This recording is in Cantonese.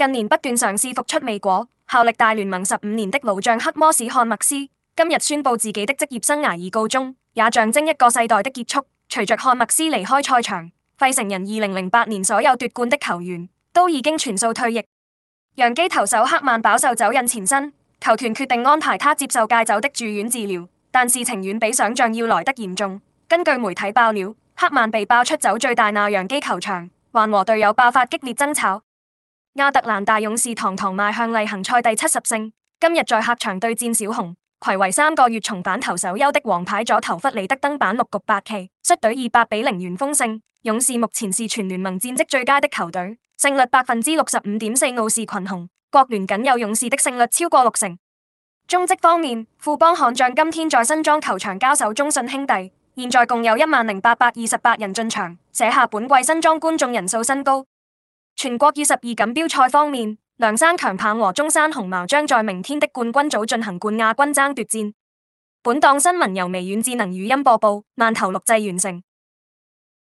近年不斷嘗試復出未果，效力大聯盟十五年的老將黑魔士漢默斯今日宣布自己的職業生涯已告終，也象徵一個世代的結束。隨着漢默斯離開賽場，費城人二零零八年所有奪冠的球員都已經全數退役。揚基投手黑曼飽受酒癮纏身，球團決定安排他接受戒酒的住院治療，但事情遠比想象要來得嚴重。根據媒體爆料，黑曼被爆出酒醉大鬧揚基球場，還和隊友爆發激烈爭吵。亞特蘭大勇士堂堂邁向例行賽第七十勝，今日在客場對戰小熊，暌違三個月重返投手丘的王牌左投弗里德登板六局八期，率隊二百比零完封勝。勇士目前是全聯盟戰績最佳的球隊，勝率百分之六十五點四，傲視群雄。國聯僅有勇士的勝率超過六成。中職方面，富邦悍將今天在新莊球場交手中信兄弟，現在共有一萬零八百二十八人進場，寫下本季新莊觀眾人數新高。全國二十二錦標賽方面，梁山強棒和中山紅茂將在明天的冠軍組進行冠亞軍爭奪戰。本檔新聞由微軟智能語音播報，饅頭錄製完成。